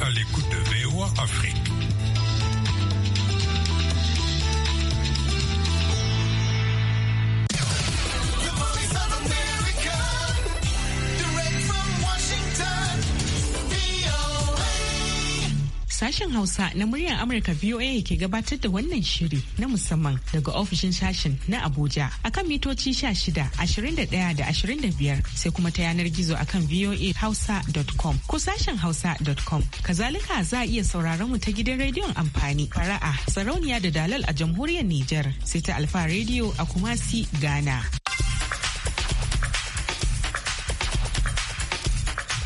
à l'écoute de VOA Afrique. Sashen Hausa na muryar Amurka VOA ke gabatar da wannan shiri na musamman daga ofishin sashen na Abuja akan mitoci 16, 21 da 25 sai kuma ta yanar gizo akan voahausa.com ko sashen hausa.com. Kazalika za a iya sauraron mu ta gidan rediyon amfani fara'a sarauniya da dalal a jamhuriyar Nijar sai ta Alfa rediyo a Kumasi Ghana.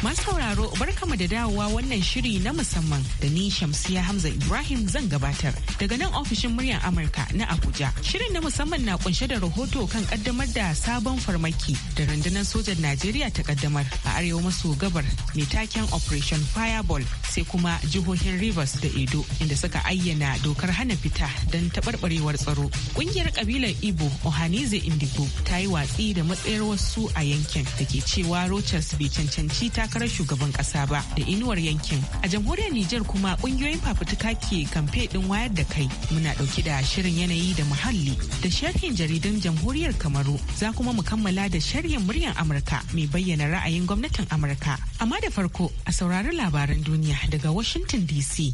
Masu sauraro kama da dawowa wannan shiri na musamman da ni Shamsiya Hamza Ibrahim zan gabatar daga nan ofishin muryar Amurka na Abuja. Shirin na musamman na kunshe da rahoto kan kaddamar da sabon farmaki da rundunar sojan Najeriya ta kaddamar a arewa maso gabar mai taken Operation Fireball sai kuma jihohin Rivers da Edo inda suka ayyana dokar hana fita don taɓarɓarewar tsaro. Kungiyar kabilar Igbo Ohanize Indigo ta yi watsi da matsayar wasu a yankin da ke cewa Rochas bai cancanci ta takarar shugaban kasa ba da inuwar yankin a jamhuriyar nijar kuma kungiyoyin fafutuka ke kamfe din wayar da kai muna dauki da shirin yanayi da muhalli da sharhin jaridan jamhuriyar kamaru za kuma mu kammala da sharhin muryar amurka mai bayyana ra'ayin gwamnatin amurka amma da farko a saurari labaran duniya daga washington dc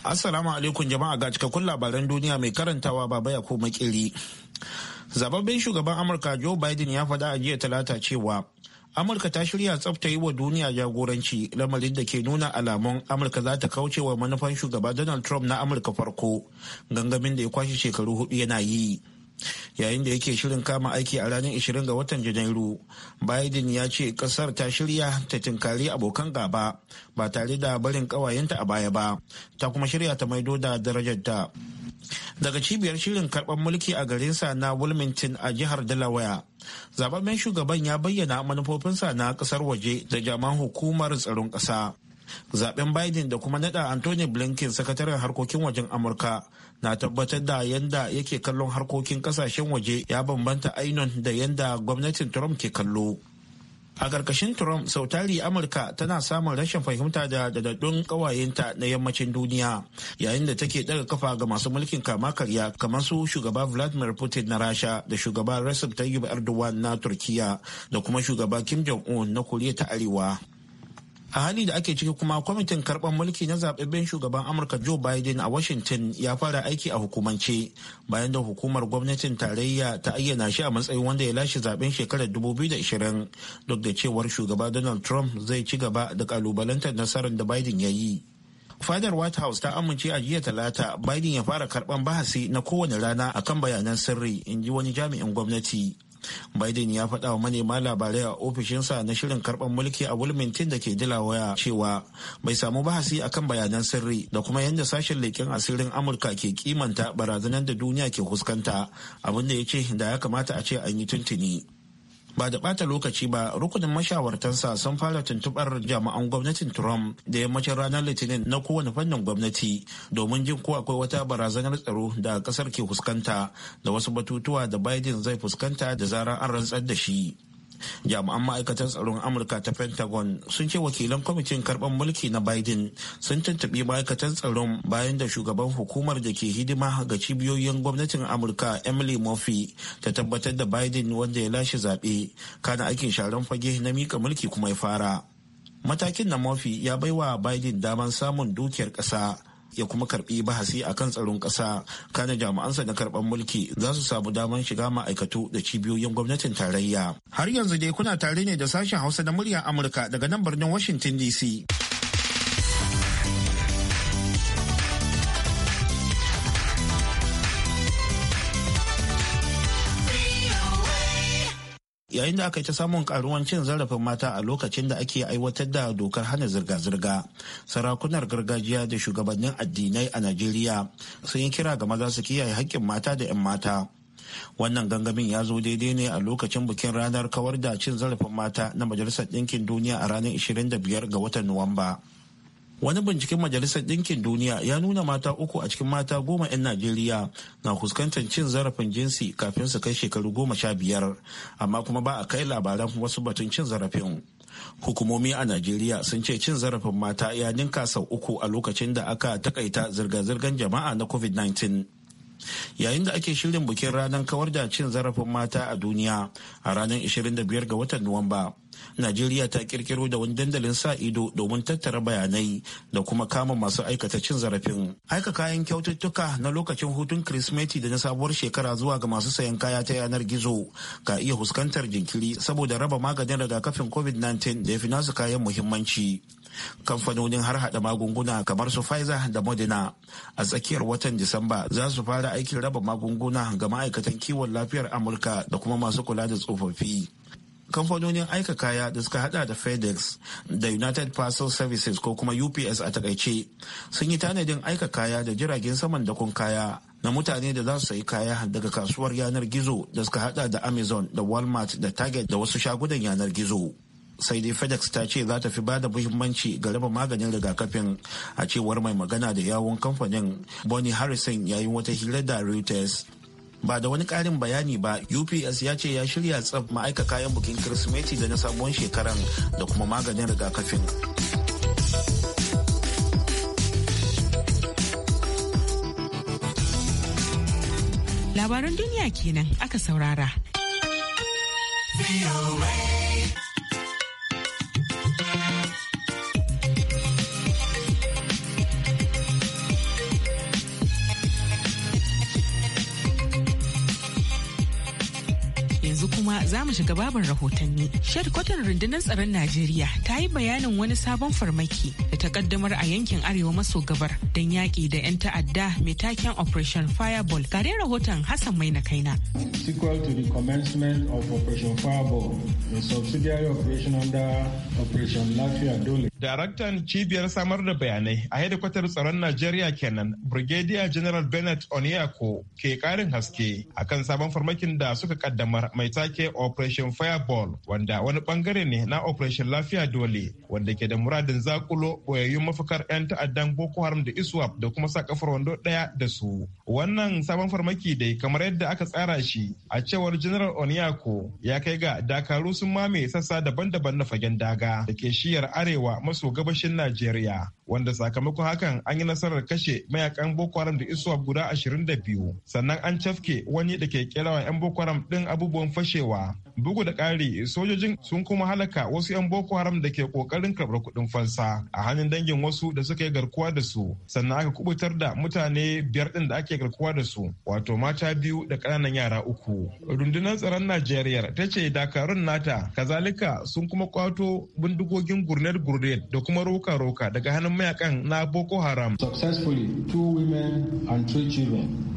Assalamu alaikum jama'a ga cikakkun labaran duniya mai karantawa baba ya ko makiri. zababben shugaban amurka joe biden ya faɗa a jiya talata cewa amurka ta shirya tsafta yi wa duniya jagoranci lamarin da ke nuna alamun amurka za ta kauce wa manufan shugaba donald trump na amurka farko gangamin da ya kwashe shekaru hudu yana yi yayin da yake shirin kama aiki a ranar 20 ga watan janairu biden ya ce kasar ta shirya ta tinkari abokan gaba ba tare da barin kawayenta a baya ba ta kuma shirya ta maido da darajarta daga cibiyar shirin karɓar mulki a garinsa na wilmington a jihar delaware zababben shugaban ya bayyana manufofinsa na kasar waje da jaman hukumar tsaron ƙasa zaben biden da kuma nada anthony blinken sakataren harkokin wajen amurka na tabbatar da yanda yake kallon harkokin kasashen waje ya bambanta ainon da yanda gwamnatin trump ke kallo a ƙarƙashin trump sautari amurka tana samun rashin fahimta da dadaddun ƙawayenta na yammacin duniya yayin da take ɗaga kafa ga masu mulkin kama karya kamar su shugaba vladimir putin na rasha da shugaba recep tayyip erdogan na turkiya da kuma shugaba kim jong un na koriya ta arewa a hali da ake ciki kuma kwamitin karɓar mulki na zaɓaɓɓen shugaban amurka joe biden a washington ya fara aiki a hukumance bayan da hukumar gwamnatin tarayya ta ayyana shi a matsayin wanda ya lashe zaɓen shekarar 2020 duk da cewar shugaba donald trump zai ci gaba da kalubalantar nasarar da biden ya yi fadar white house ta amince a jiya talata biden ya fara karɓar bahasi na kowane rana akan bayanan sirri in ji wani jami'in gwamnati Biden ya faɗa wa manema labarai a ofishinsa na shirin karɓar mulki a Wilmington da ke waya cewa bai samu bahasi akan bayanan sirri da kuma yadda sashen leƙen asirin Amurka ke kimanta barazanar da duniya ke fuskanta abinda ya ce da ya kamata a ce an yi tuntuni. ba da ɓata lokaci ba rukunin mashawartansa sun fara tuntuɓar jami'an gwamnatin trump da yammacin ranar litinin na kowane fannin gwamnati domin jin ko akwai wata barazanar tsaro da ƙasar ke fuskanta da wasu batutuwa da biden zai fuskanta da zarar an rantsar da shi jami'an Ma'aikatan tsaron amurka ta pentagon sun ce wakilan kwamitin karɓar mulki na biden sun tuntuɓi ma'aikatan tsaron bayan da shugaban hukumar da ke hidima ga cibiyoyin gwamnatin amurka emily murphy ta tabbatar da biden wanda ya lashe zaɓe kana aikin sharan fage na mika mulki kuma ya fara matakin na murphy ya baiwa biden daman samun dukiyar ƙasa ya kuma karbi bahasi a kan tsaron ƙasa kana jami'ansa na karɓar mulki za su samu damar shiga ma'aikatu da cibiyoyin gwamnatin tarayya har yanzu dai kuna tare ne da sashen hausa na muryar amurka daga nan birnin washington dc yayin da aka yi ta samun karuwan cin zarafin mata a lokacin da ake aiwatar da dokar hana zirga-zirga sarakunar gargajiya da shugabannin addinai a najeriya sun yi kira ga maza su kiyaye haƙƙin mata da 'yan mata wannan gangamin ya zo daidai ne a lokacin bikin ranar kawar da cin zarafin mata na majalisar ɗinkin duniya a ranar 25 ga watan nuwamba. wani binciken majalisar ɗinkin duniya ya nuna mata uku a cikin mata goma 'yan najeriya na fuskantar cin zarafin jinsi kafin su kai shekaru goma sha biyar amma kuma ba a kai labaran wasu batun cin zarafin hukumomi a najeriya sun ce cin zarafin mata ya ninka sau uku a lokacin da aka takaita zirga-zirgar jama'a na covid-19 yayin da ake shirin bikin ranar kawar da cin zarafin mata a duniya a ranar 25 ga watan nuwamba najeriya ta kirkiro da wani dandalin sa ido domin tattara bayanai da kuma kama masu aikata cin zarafin aika kayan kyaututtuka na lokacin hutun kirismeti da na sabuwar shekara zuwa ga masu sayan kaya ta yanar gizo ka iya fuskantar jinkiri saboda raba maganin rigakafin covid-19 da ya fi nasu kayan muhimmanci kamfanonin har hada magunguna kamar su Pfizer da Moderna a tsakiyar watan Disamba za su fara aikin raba magunguna ga ma'aikatan kiwon lafiyar Amurka da kuma masu kula da tsofaffi. Kamfanonin aika kaya da suka hada da FedEx da United Parcel Services ko kuma UPS a takaice sun yi tanadin aika kaya da jiragen saman da kaya na mutane da za su sayi kaya daga kasuwar yanar gizo da suka hada da Amazon da Walmart da Target da wasu shagunan yanar gizo. sai dai fedex ta ce za ta fi bada muhimmanci ga raba maganin rigakafin a cewar mai magana da yawon kamfanin bonnie harrison yayin wata hira da reuters ba da wani karin bayani ba ups ya ce ya shirya tsaf ma'aika kayan bukin kirsimeti da na sabuwar shekaran da kuma maganin rigakafin labaran duniya kenan aka saurara. kuma za mu shiga babin rahotanni. Shadkwatar rundunar tsaron Najeriya ta yi bayanin wani sabon farmaki da ta kaddamar a yankin Arewa maso gabar don yaƙi da 'yan ta'adda mai taken Operation Fireball. Gare rahoton Hassan Mai na kaina. Sequel to the commencement of Operation Fireball, the subsidiary operation under Operation Lafiya Dole Daraktan cibiyar samar da bayanai a hedikwatar tsaron Najeriya kenan Brigadier General Bennett Onyeko ke karin haske akan sabon farmakin da suka kaddamar mai take Operation Fireball wanda wani bangare ne na Operation Lafiya Dole wanda ke da muradin zakulo boyayyun mafakar 'yan ta'addan Boko Haram da ISWAP da kuma sakafar wando ɗaya da su. Wannan sabon farmaki dai kamar yadda aka tsara shi a cewar General Onyeko ya kai ga dakaru sun mame sassa daban-daban na fagen daga da ke shiyar arewa maso gabashin Najeriya. Wanda sakamakon hakan an yi nasarar kashe mayakan Boko Haram da isuwa guda 22 sannan an cafke wani da ke kerawa 'yan Boko Haram ɗin abubuwan fashewa. Bugu da ƙari sojojin sun kuma halaka wasu 'yan Boko Haram da ke ƙoƙarin karɓar kuɗin fansa a hannun dangin wasu da suka yi garkuwa da su sannan aka kubutar da mutane biyar ɗin da ake garkuwa da su wato mata biyu da ƙananan yara uku. Rundunar tsaron Najeriya ta ce dakarun nata kazalika sun kuma kwato bindigogin gurnet gurnet da kuma roka-roka daga hannun mayakan na Boko Haram.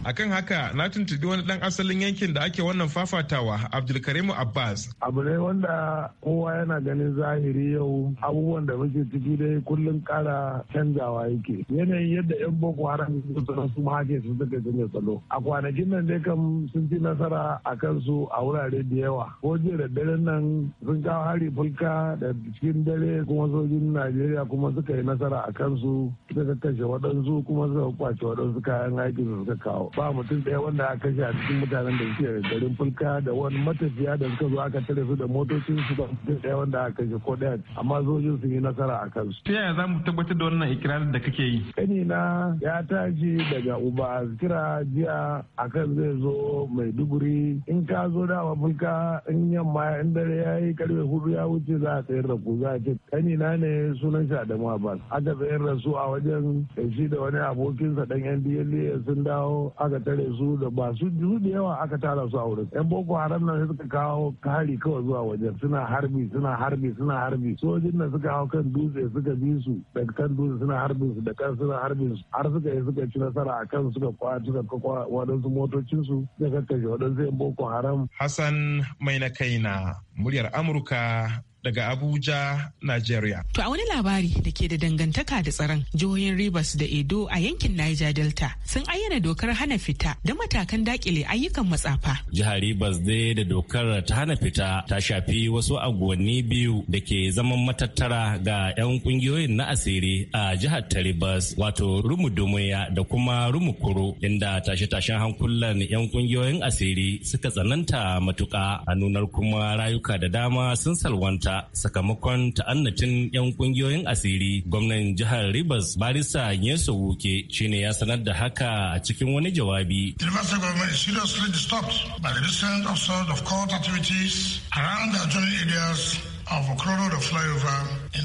Akan haka na tuntubi wani dan asalin yankin da ake wannan fafatawa Abdulkarimu Abbas. Abu ne wanda kowa yana ganin zahiri yau abubuwan da muke ciki dai kullum kara canjawa yake. Yanayin yadda 'yan Boko Haram suka su hake su suka janye tsalo. A kwanakin nan dai kam sun ci nasara a kansu a wurare da yawa. Ko jiya da daren nan sun kawo hari fulka da cikin dare kuma sojin najeriya kuma suka yi nasara a kansu suka kashe waɗansu kuma suka kwace waɗansu kayan aikin da suka kawo ba mutum ɗaya wanda aka kashe a cikin mutanen da suke garin fulka da wani matafiya da suka zo aka tare su da motocin su ba mutum ɗaya wanda aka kashe ko ɗaya amma sojin sun yi nasara a kansu. ta yaya za mu tabbatar da wannan ikirarin da kake yi. na ya tashi daga uba kira jiya a kan zai zo maiduguri in ka zo dama fulka in yamma in dare ya yi karfe hudu ya wuce za a tsayar da ku za a ce na ne sunan shi Adamu Abbas aka tsayar rasu a wajen shi da wani abokinsa dan yan DLA sun dawo aka tare su da ba su da yawa aka tara su a wurin yan Boko Haram nan suka kawo kari kawai zuwa wajen suna harbi suna harbi suna harbi sojin nan suka hau kan dutse suka bi su da kan dutse suna harbin su da kan suna harbin su har suka yi suka ci nasara a kan suka kwaci suka kwa waɗansu motocin su da kakkashe waɗansu yan Boko Haram. Hassan mai kaina muryar Amurka daga Abuja, Nigeria. To a wani labari da ke da dangantaka da tsaron jihohin Rivers da Edo a yankin Niger Delta sun ayyana dokar hana fita da matakan dakile ayyukan matsafa. Jihar Rivers dai da dokar ta hana fita ta shafi wasu anguwanni biyu da ke zaman matattara ga 'yan kungiyoyin na asiri a jihar ta Rivers wato Rumudumuya da kuma rumukuru inda tashe-tashen hankulan 'yan kungiyoyin asiri suka tsananta matuka a nunar kuma rayuka da dama sun salwanta Abuja sakamakon ta'annacin 'yan ƙungiyoyin asiri gwamnan jihar Rivers Barisa Yeso Wuke shine ya sanar da haka a cikin wani jawabi. The government is seriously disturbed by the recent episode of court activities around the adjoining areas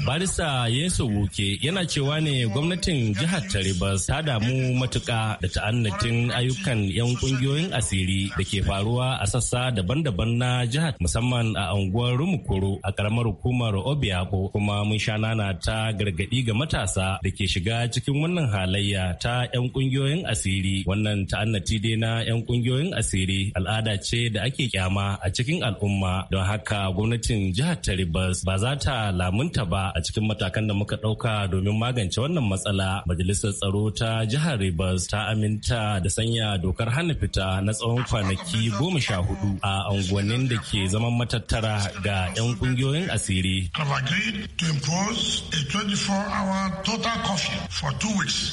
Barista Yeso Woke yana cewa ne gwamnatin jihar Taribas ta damu matuka da ta'annatin ayyukan 'yan kungiyoyin asiri da ke faruwa a sassa daban-daban na jihar musamman a unguwar Rumukuru a karamar hukumar Obiako kuma mun sha nana ta gargadi ga matasa da ke shiga cikin wannan halayya ta 'yan kungiyoyin asiri wannan ta'annati dai na 'yan kungiyoyin asiri al'ada ce da ake kyama a cikin al'umma don haka gwamnatin jihar Taribas tabbas ba za ta lamunta ba a cikin matakan da muka ɗauka domin magance wannan matsala. Majalisar tsaro ta jihar Rivers ta aminta da sanya dokar hana fita na tsawon kwanaki goma sha hudu a unguwannin da ke zaman matattara ga 'yan kungiyoyin asiri.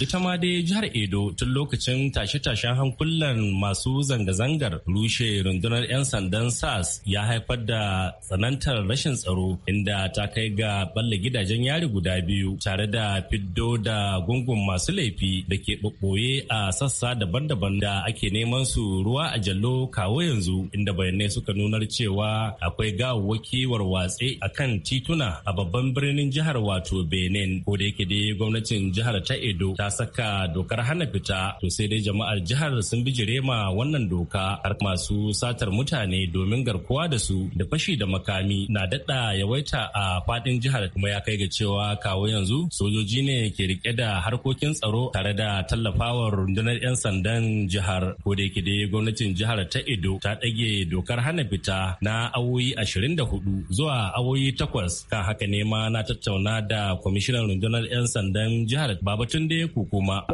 Ita ma dai jihar Edo tun lokacin tashe-tashen hankulan masu zanga-zangar rushe rundunar 'yan sandan sas ya haifar da tsanantar rashin tsaro inda ta kai ga balle gidajen yari guda biyu tare da fiddo da gungun masu laifi da ke ɓoɓɓoye a sassa daban-daban da ake neman su ruwa a jallo kawo yanzu inda bayanai suka nunar cewa akwai gawawwaki warwatse a kan tituna a babban birnin jihar wato benin ko da yake dai gwamnatin jihar ta edo ta saka dokar hana fita to sai dai jama'ar jihar sun bi jirema wannan doka har masu satar mutane domin garkuwa da su da fashi da makami na dada. yawaita a fadin jihar kuma ya kai ga cewa kawo yanzu sojoji ne ke rike da harkokin tsaro tare da tallafawar rundunar 'yan sandan jihar ko da yake dai gwamnatin jihar ta Edo ta ɗage dokar hana fita na awoyi 24 zuwa awoyi 8 kan haka ne ma na tattauna da kwamishinan rundunar 'yan sandan jihar Babatun da ya kuma.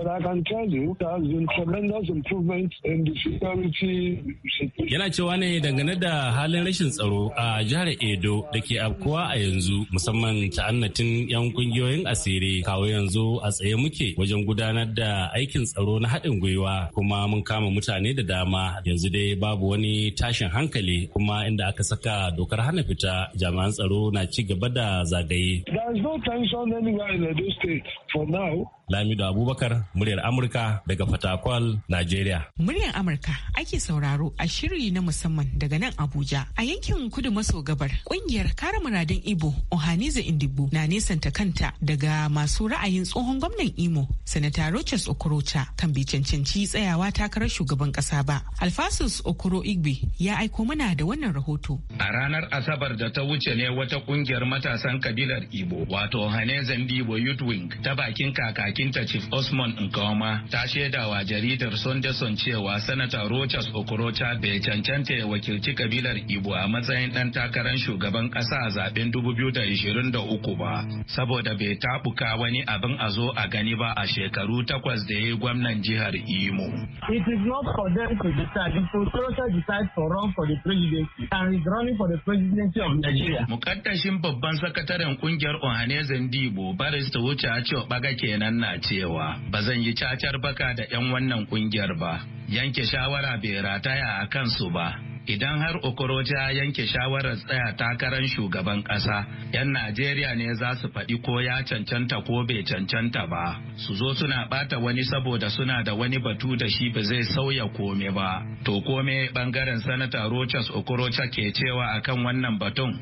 Yana cewa ne dangane da halin rashin tsaro a jihar Edo da ke Kuwa a yanzu musamman ta'annatin 'yan kungiyoyin asiri kawo yanzu a tsaye muke wajen gudanar da aikin tsaro na haɗin gwiwa kuma mun kama mutane da dama yanzu dai babu wani tashin hankali kuma inda aka saka dokar hana fita jami'an tsaro na ci gaba da zagaye. There is no tension anywhere in Edo state for now. Lamido Abubakar, muryar Amurka daga Fatakwal, Najeriya. Muryar Amurka ake sauraro a shiri na musamman daga nan Abuja. A yankin kudu maso gabar, kungiyar kare muradun Ibo, Ohaniza Indibu na nesanta kanta daga masu ra'ayin tsohon gwamnan Imo, Sanata Rochas Okorocha kan bi cancanci tsayawa takarar shugaban kasa ba. Alfasus Okoro Igbe ya aiko mana da wannan rahoto. A ranar Asabar da ta wuce ne wata kungiyar matasan kabilar Ibo, wato Ohaniza Indibo Youth Wing ta bakin kaka kakakinta Chief Osman Nkoma ta shaidawa jaridar Sondeson cewa Sanata Rochas Okorocha bai cancanta ya wakilci kabilar Ibo a matsayin ɗan takarar shugaban ƙasa a zaben 2023 ba, saboda bai taɓuka wani abin a zo a gani ba a shekaru takwas da ya yi gwamnan jihar Imo. It is not for them to decide. If Okorocha decide to run for the presidency and is running for the presidency of Nigeria. Mukaddashin babban sakataren kungiyar Ohanezen Dibo Barista Wuce cewa Baga kenan na cewa ba zan yi cacar baka da 'yan wannan ƙungiyar ba, yanke shawara bai rataya a kansu ba. Idan har okoroja yanke shawarar tsaya takarar shugaban ƙasa, 'yan Najeriya ne za su faɗi ko ya cancanta ko bai cancanta ba, su zo suna ɓata wani saboda suna da wani batu da shi ba zai sauya kome ba. To kome ɓangaren Sanata Rochas okoroja ke cewa akan wannan batun?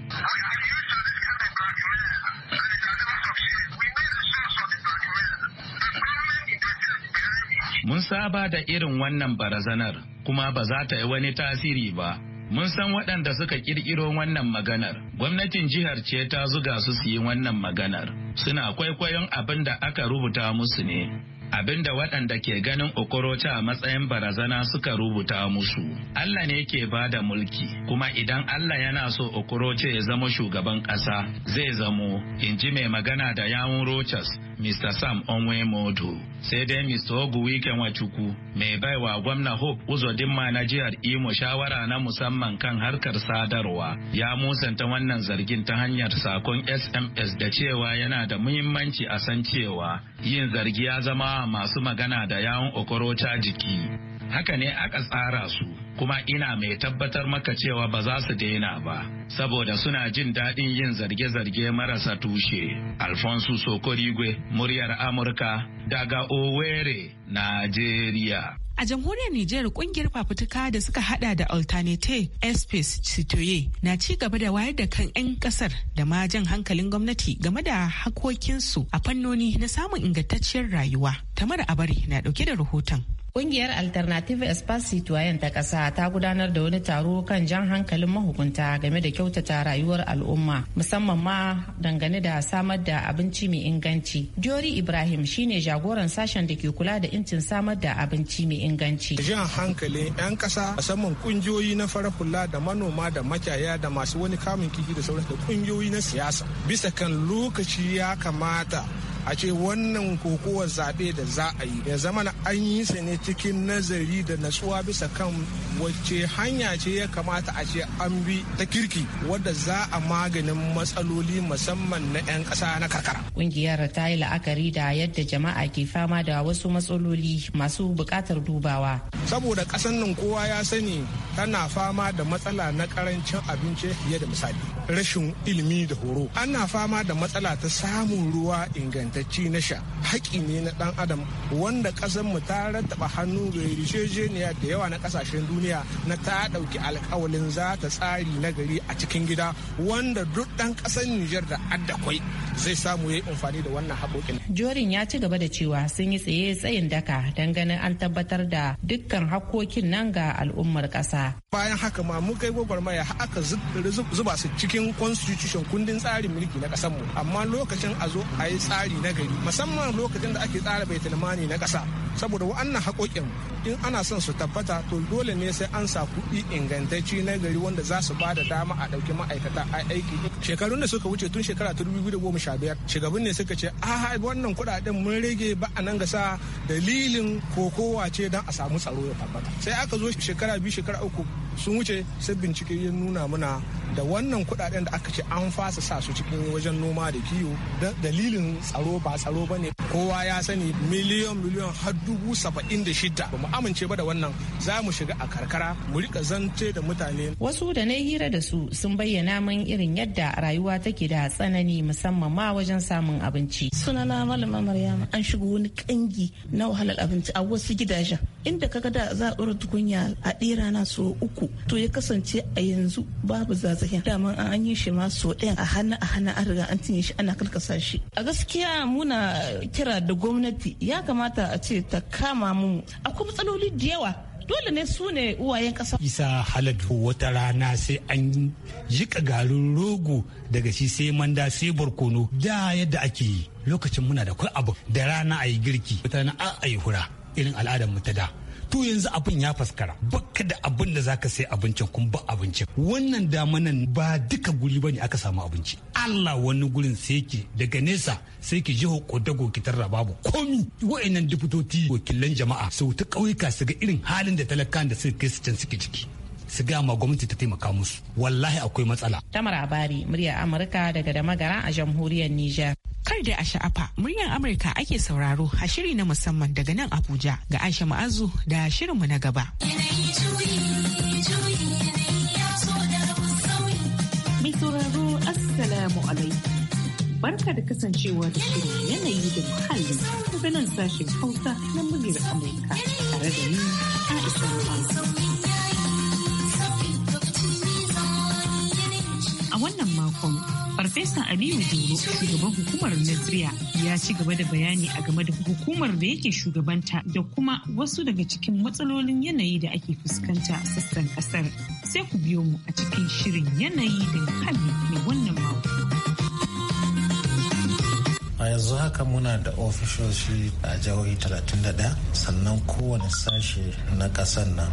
Mun saba da irin wannan barazanar kuma ba za ta yi wani tasiri ba. Mun san waɗanda suka ƙirƙiro wannan maganar. Gwamnatin jihar ce ta zuga su su yi wannan maganar. Suna kwaikwayon abin da aka rubuta musu ne. Abin da waɗanda ke ganin Okorocha a matsayin barazana suka rubuta musu. Allah ne ke ba da mulki, kuma idan Allah yana so Okorocha ya zama shugaban ƙasa, zai zamo, in ji mai magana da yawun Rochas, Mr. Sam Onwemodo. Sai dai Mr. wike Nwachukwu mai baiwa gwamna Hope dimma na jihar Imo shawara na musamman kan harkar sadarwa ya musanta wannan zargin ta hanyar sakon SMS da cewa yana da muhimmanci a san cewa yin zargi ya zama masu magana da yawon okorocha jiki. haka ne aka tsara su kuma ina mai tabbatar maka cewa ba za su daina ba saboda suna jin daɗin yin zarge-zarge marasa tushe alfonso sokorigwe muryar amurka daga owerri nigeria A jamhuriyar Nijar kungiyar fafutuka da suka hada da Alternate Espace Citoye na ci gaba da wayar da kan 'yan kasar da ma jan hankalin gwamnati game da hakokinsu a fannoni na samun ingantacciyar rayuwa. Tamar bari na dauke da rahoton. Kungiyar Alternative Espace Citoyen ta ƙasa ta gudanar da wani taro kan jan hankalin mahukunta game da kyautata rayuwar al'umma musamman ma dangane da samar da abinci mai inganci. jori Ibrahim shine jagoran sashen da ke kula da incin samar da abinci mai inganci. Jan hankalin 'yan ƙasa musamman kungiyoyi na fara hula da manoma da makiyaya da masu wani kamun kifi da sauransu da kungiyoyi na siyasa bisa kan lokaci ya kamata a ce wannan kokowar zaɓe da za a yi ya zama na an yi sa ne cikin nazari da natsuwa bisa kan wacce hanya ce ya kamata a ce an bi ta kirki wadda za a maganin matsaloli musamman na 'yan ƙasa na karkara. Ƙungiyar ta yi la'akari da yadda jama'a ke fama da wasu matsaloli masu buƙatar dubawa. Saboda ƙasar nan kowa ya sani tana fama da matsala na ƙarancin abinci fiye da misali. Rashin ilimi da horo. Ana fama da matsala ta samun ruwa inganta da ci na sha haƙi ne na ɗan adam wanda ƙasar mu ta rattaba hannu ga yarjejeniya da yawa na ƙasashen duniya na ta ɗauki alƙawalin za ta tsari na gari a cikin gida wanda duk ɗan ƙasar Nijar da addakwai zai samu ya yi amfani da wannan haƙoƙin. Jorin ya ci gaba da cewa sun yi tsaye tsayin daka don ganin an tabbatar da dukkan haƙoƙin nan ga al'ummar ƙasa. Bayan haka ma mun kai gwagwarmaya aka zuba su cikin constitution kundin tsarin mulki na ƙasar mu amma lokacin a zo a yi tsari Nagari gari musamman lokacin da ake tsara bai tilmani na ƙasa saboda wa'annan haƙoƙin in ana son su tabbata to dole ne sai an sa kuɗi ingantacci nagari wanda za su bada dama a ɗauki ma'aikata a aiki shekarun da suka wuce tun shekara ta dubu da goma sha biyar shugaban ne suka ce a wannan kuɗaɗen mun rage ba a nan gasa dalilin kokowa ce don a samu tsaro ya tabbata sai aka zo shekara biyu shekara uku sun wuce sai bincike ya nuna muna da wannan kudaden da aka ce an fasa sa su cikin wajen noma da kiwo dalilin tsaro ba tsaro ba ne kowa ya sani miliyan miliyan har dubu saba'in da shida ba mu amince ba da wannan za mu shiga a karkara mu rika zance da mutane wasu da na hira da su sun bayyana min irin yadda rayuwa take da tsanani musamman ma wajen samun abinci sunana malama maryama an shigo wani kangi na wahalar abinci a wasu gidajen inda kaga da za a tukunya a ɗera na so uku to ya kasance a yanzu babu zazahin dama an yi shi ma so ɗayan a hana a hana an riga an cinye shi ana karkasa shi a gaskiya muna kira da gwamnati ya kamata a ce ta kama mu akwai matsaloli da yawa dole ne su ne uwayen kasa. Isa halatu wata rana sai an jika garin rogo daga shi sai manda sai barkono da yadda ake yi lokacin muna da kwai abu da rana ayi yi girki mutane a a yi hura irin al'adar mu ta da to yanzu abin ya faskara baka da abin da zaka sai abincin kun ba abincin wannan nan ba duka guri bane aka samu abinci Allah wani gurin sai daga nesa sai ki jiho kodago ki tarra babu komi wa'annan diputoti wakilan jama'a sau ta kauyuka su ga irin halin da talakan da suka kai su can suke ciki su ga ma gwamnati ta taimaka musu wallahi akwai matsala tamar abari muryar amurka daga da magara a jamhuriyar niger kar da a sha'afa muryar amurka ake sauraro a shiri na musamman daga nan abuja ga aisha ma'azu da shirinmu na gaba mai sauraro barka da kasancewa da shirin yanayi da muhalli daga nan sashen hausa na muryar amurka tare da ni aisha ma'azu wannan makon. Farfesa Aliyu Duro, shugaban hukumar Najeriya, ya ci gaba da bayani a game da hukumar da yake shugabanta da kuma wasu daga cikin matsalolin yanayi da ake fuskanta a sassan kasar. Sai ku biyo mu a cikin shirin yanayi da muhalli na wannan makon. a yanzu haka muna da ofishoshi a jihohi 31 sannan kowane sashe na ƙasar nan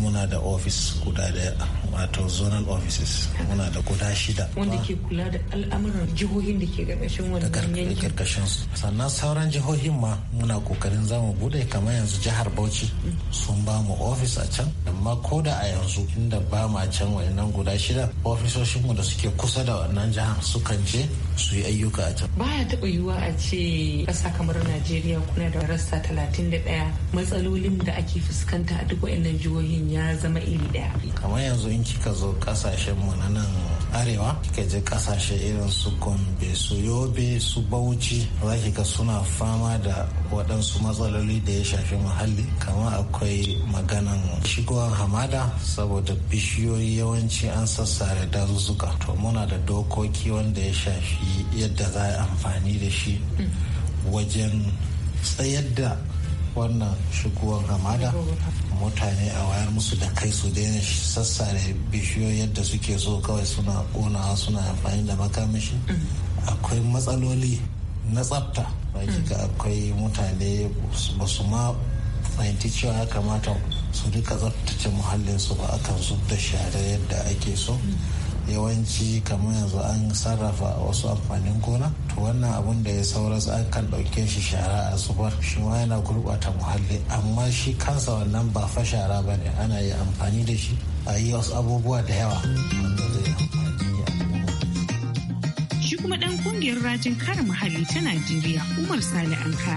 muna da ofis guda daya wato zonal offices muna da guda shida wanda ke kula da al'amuran jihohin da ke karkashin wannan yankin sannan sauran jihohin ma muna kokarin zamu bude kamar yanzu jihar Bauchi mm. sun ba mu office a can amma ko da a yanzu inda ba ma can nan guda shida ofisoshin mu da suke kusa da wannan jihar sukan je su yi ayyuka a can baya taba yiwa a ce kasa kamar Najeriya kuna da talatin da ɗaya. matsalolin da ake fuskanta a duk wa'annan jihohin ya zama iri daya kamar yanzu in kika zo kasashen mu na nan arewa kika je kasashe irin su gombe su yobe su bauchi za ki ga suna fama da waɗansu matsaloli da ya shafi muhalli kamar akwai maganan shigowar hamada saboda bishiyoyi yawanci an sassare dazuzzuka to muna da dokoki wanda ya shafi yadda za a amfani da shi wajen tsayar da wannan shigowar hamada mutane a wayar musu da kai su daina sassare bishiyoyi yadda suke so kawai suna konawa suna amfani da makamashi akwai matsaloli na tsafta ga akwai mutane ba su ma fahimci cewa ya kamata su rika tsaftace muhallinsu ba akan zub da share yadda ake so yawanci kamar yanzu an sarrafa wasu amfanin gona to wannan abun da ya saura an kan ɗauke shi shara a zubar shi ma yana gurɓata muhalli amma shi kansa wannan ba fa shara ba ne ana yi amfani da shi a yi wasu abubuwa da yawa shi kuma ɗan kungiyar rajin kare muhalli ta najeriya umar sale anka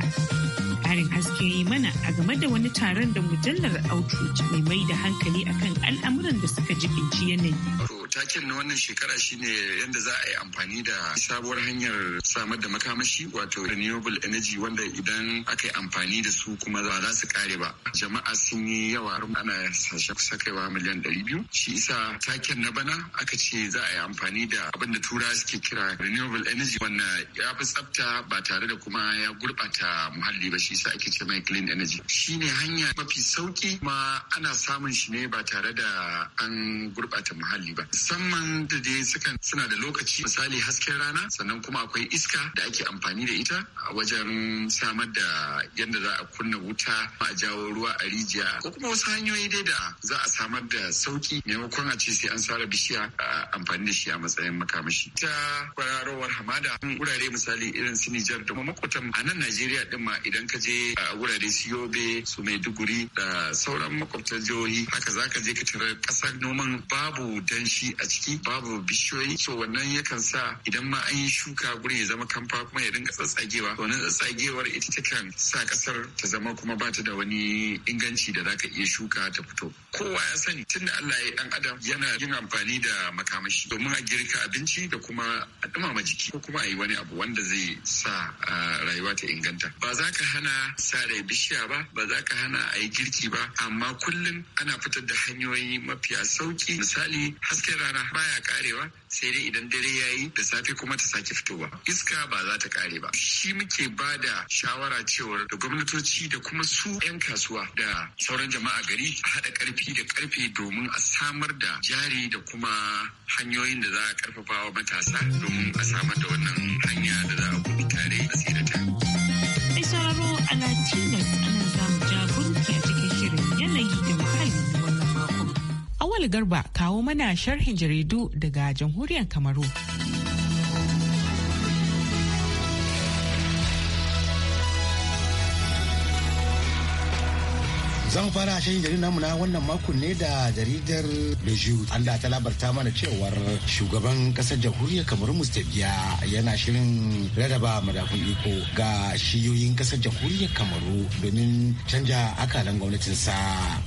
ƙarin haske yi mana a game da wani taron da mujallar outreach mai mai da hankali akan al'amuran da suka jibinci yanayi taken na wannan shekara shine yadda za a yi amfani da sabuwar hanyar samar da makamashi wato renewable energy wanda idan aka yi amfani da su kuma ba za su kare ba jama'a sun yi yawa ana sashe kusa kaiwa miliyan ɗari biyu shi isa taken na bana aka ce za a yi amfani da abin da turawa suke kira renewable energy wanda ya fi tsafta ba tare da kuma ya gurɓata muhalli ba shi isa ake ce mai clean energy shine hanya mafi sauki Kuma ana samun shi ne ba tare da an gurɓata muhalli ba musamman da dai sukan suna da lokaci misali hasken rana sannan kuma akwai iska da ake amfani da ita a wajen samar da yadda za a kunna wuta a jawo ruwa a rijiya ko kuma wasu hanyoyi dai da za a samar da sauki maimakon a ce sai an sare bishiya a amfani da shi a matsayin makamashi ta kwararowar hamada wurare misali irin su Nijar da makwatan a nan Najeriya din ma idan ka je a wurare su Yobe su Maiduguri da sauran makwabtan jihohi haka zaka je ka tarar kasar noman babu danshi a ciki babu bishiyoyi so wannan yakan sa idan ma an yi shuka guri ya zama kamfa kuma ya dinga tsatsagewa wannan tsatsagewar ita takan sa kasar ta zama kuma ba ta da wani inganci da zaka iya shuka ta fito kowa ya sani tunda Allah ya dan adam yana yin amfani da makamashi domin a girka abinci da kuma a dumama jiki ko kuma a yi wani abu wanda zai sa rayuwa ta inganta ba za ka hana sare bishiya ba ba za ka hana a yi girki ba amma kullum ana fitar da hanyoyi mafiya sauki misali hasken rana baya karewa sai dai idan dare ya yi da safe kuma ta sake fitowa iska ba za ta kare ba shi muke ba da shawara cewar da gwamnatoci da kuma su 'yan kasuwa da sauran jama'a gari a haɗa ƙarfi da ƙarfe domin a samar da jari da kuma hanyoyin da za a ƙarfafa wa matasa domin a samar da wannan hanya da za a gudu tare a tsira ta. Awali Garba kawo mana sharhin jaridu daga jamhuriyar Kamaru. zan fara shirin jaridar namu na wannan makon ne da jaridar Leju. An da ta labarta mana cewar shugaban kasar jamhuriyar Kamaru Mustabiya yana shirin rarraba madafun iko ga shiyoyin kasar jamhuriyar Kamaru domin canja akalan gwamnatinsa.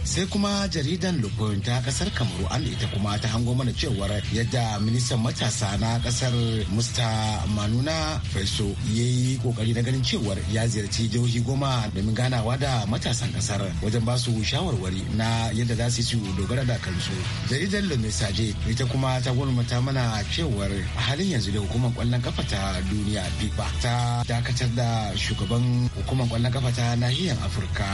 Sai kuma jaridan Lupin ta kasar Kamaru an ita kuma ta hango mana cewar yadda ministan matasa na kasar Musta Manuna Feso ya yi kokari na ganin cewar ya ziyarci jihohi goma domin ganawa da matasan kasar wajen ba su shawarwari na yadda za su yi dogara da kansu jaridar le message ita kuma ta gulmata mana cewar a halin yanzu da hukumar kwallon kafa ta duniya fifa ta dakatar da shugaban hukumar kwallon kafa ta nahiyar afirka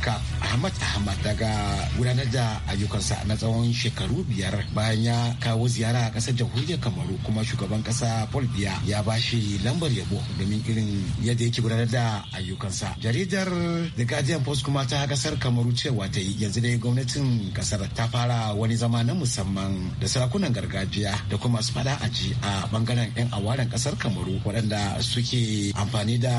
ka ahmad ahmad daga gudanar da ayyukansa na tsawon shekaru biyar bayan ya kawo ziyara a kasar jamhuriyar kamaru kuma shugaban kasa paul biya ya ba shi lambar yabo domin irin yadda yake gudanar da ayyukansa jaridar the guardian post kuma ta kasar kamaru al'amuru cewa ta yi yanzu dai gwamnatin kasar ta fara wani zama na musamman da sarakunan gargajiya da kuma su fada aji a bangaren yan awaren kasar kamaru waɗanda suke amfani da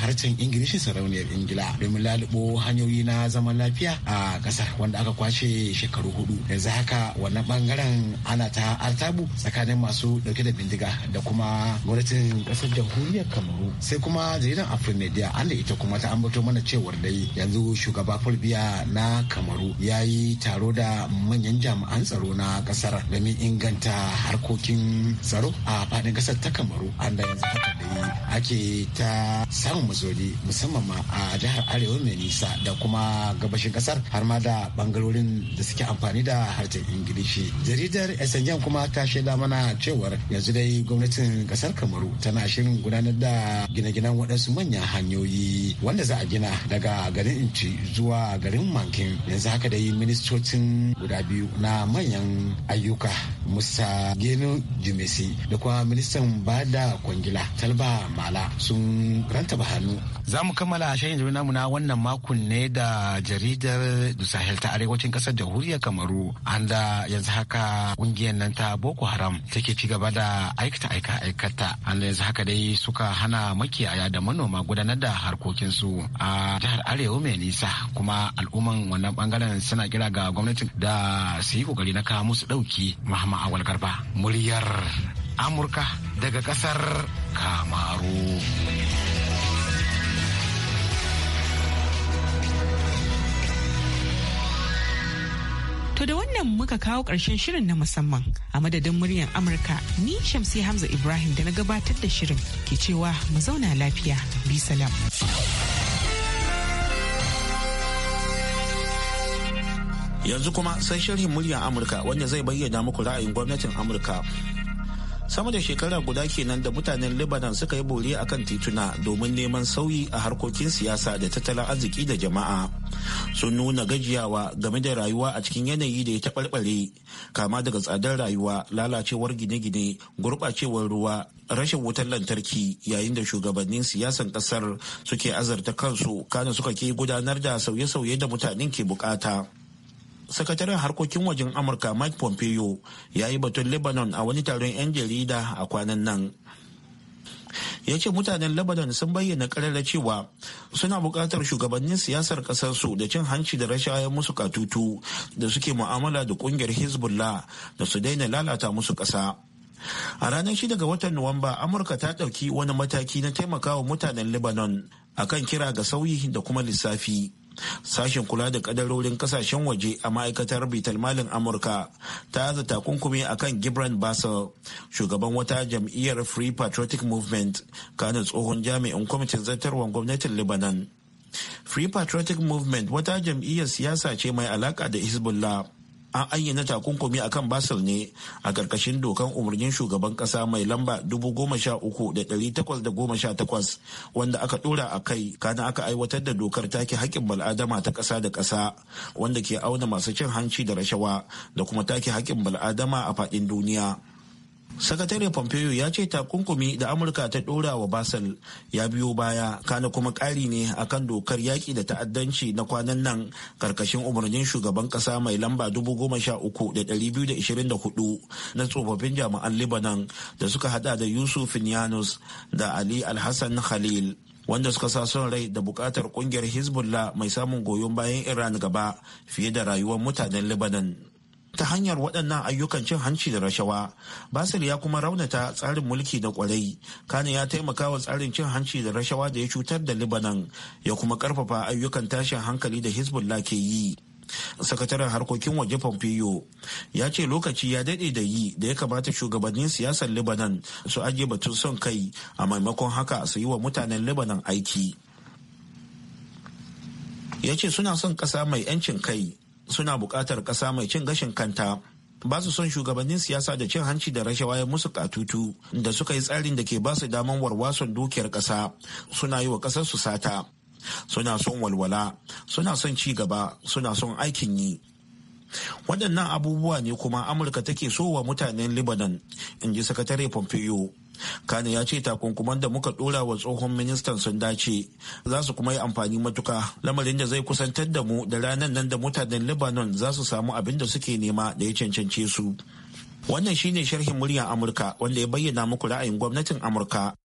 harshen ingilishi sarauniyar ingila domin lalubo hanyoyi na zaman lafiya a kasar wanda aka kwashe shekaru hudu yanzu haka wannan bangaren ana ta artabu tsakanin masu dauke da bindiga da kuma gwamnatin kasar jamhuriyar kamaru sai kuma jaridar afirmedia an da ita kuma ta ambato mana cewar dai yanzu shugaba fulbi Libya na Kamaru ya yi taro da manyan jami'an tsaro na kasar domin inganta harkokin tsaro a faɗin kasar ta Kamaru an da yanzu haka dai ake ta samun mazoli musamman ma a jihar Arewa mai nisa da kuma gabashin kasar har ma da bangarorin da suke amfani da harshen Ingilishi. Jaridar Esenjan kuma ta shaida mana cewar yanzu dai gwamnatin kasar Kamaru tana shirin gudanar da gine-ginen waɗansu manyan hanyoyi wanda za a gina daga garin Inci zuwa garin Mankin yanzu haka da yi ministocin guda biyu na manyan ayyuka Musa Geno Jumesi da kuma ministan bada kwangila Talba Mala sun ranta hannu. Za mu kammala shayin jami'a mu na wannan makon ne da jaridar Sahel ta arewacin kasar jamhuriyar Kamaru an da yanzu haka kungiyar nan ta Boko Haram take ci gaba da aikata aika aikata an yanzu haka dai suka hana makiyaya da manoma gudanar da harkokinsu a jihar Arewa mai nisa kuma al'umman wannan bangaren suna kira ga gwamnatin da su yi kokari na kawo musu dauki mahama awal garba muryar amurka daga kasar kamaru To da wannan muka kawo ƙarshen shirin na musamman a madadin muryar Amurka ni Shamsi Hamza Ibrahim da na gabatar da shirin ke cewa mu zauna lafiya bi salam. yanzu kuma sai sharhin muryar amurka wanda zai bayyana muku ra'ayin gwamnatin amurka sama da shekara guda kenan da mutanen lebanon suka yi bore kan tituna domin neman sauyi a harkokin siyasa da tattalin arziki da jama'a sun nuna gajiyawa game da rayuwa a cikin yanayi da ya taɓarɓare kama daga tsadar rayuwa lalacewar gine-gine gurɓacewar ruwa rashin wutar lantarki yayin da shugabannin siyasan ƙasar suke azarta kansu kana suka ke gudanar da sauye-sauye da mutanen ke bukata. sakataren harkokin wajen amurka mike pompeo ya yi batun lebanon a wani taron 'yan jarida a kwanan nan ya ce mutanen lebanon sun bayyana karara cewa suna buƙatar shugabannin siyasar ƙasarsu da cin hanci da rashayen musu katutu da suke mu'amala da ƙungiyar hezbollah da su daina lalata musu ƙasa a ranar shida ga watan nuwamba amurka ta ɗauki wani mataki na taimakawa mutanen lebanon akan kira ga sauyi da kuma lissafi sashen kula da kadarorin kasashen waje a ma'aikatar malin amurka ta yaza takunkumi kan gibran basel shugaban wata jam'iyyar free patriotic movement kanin tsohon jami'in kwamitin zartarwar gwamnatin lebanon free patriotic movement wata jam'iyyar siyasa ce mai alaka da hezbollah an ayyana takunkumi akan basir ne a ƙarƙashin dokan umarnin shugaban ƙasa mai lamba 13,818 wanda aka dora a kai kana aka aiwatar da dokar take haƙƙin bal'adama ta ƙasa da ƙasa wanda ke auna masu cin hanci da rashawa da kuma take haƙƙin bal'adama a faɗin duniya. sakatare pompeo ya ce takunkumi da amurka ta dora wa basel ya biyo baya kana kuma ƙari ne akan dokar yaƙi da ta'addanci na kwanan nan karkashin umarnin shugaban ƙasa mai lamba 13,224 na tsofaffin jami'an libanan da suka hada da yusuf yanus da ali alhassan khalil wanda suka sa son rai da bukatar kungiyar hezbollah mai samun goyon bayan iran gaba fiye da rayuwar mutanen libanan ta hanyar waɗannan ayyukan cin hanci da rashawa basir ya kuma raunata tsarin mulki da kwarai kane ya taimaka wa tsarin cin hanci da rashawa da ya cutar da libanan ya kuma karfafa ayyukan tashin hankali da hezbollah ke yi sakataren harkokin waje pompeo ya ce lokaci ya daɗe da yi da ya kamata shugabannin siyasar libanan su ajiye batun son kai a maimakon haka su yi wa mutanen libanan aiki ya ce suna son ƙasa mai 'yancin kai suna buƙatar ƙasa mai cin gashin kanta ba su son shugabannin siyasa da cin hanci da rashawa ya musu katutu da suka yi tsarin da ke ba su daman warwason dukiyar ƙasa suna yi wa ƙasar su sata suna son walwala suna son ci gaba suna son aikin yi waɗannan abubuwa ne kuma amurka take so wa mutanen lebanon in ji sakatare pompeo kane ya ce takunkuman da muka dora wa tsohon ministan sun dace za su kuma yi amfani matuka lamarin da zai kusantar da mu da ranar nan da mutanen lebanon za su samu abin da suke nema da ya cancance su wannan shine sharhin muryar amurka wanda ya bayyana muku ra'ayin gwamnatin amurka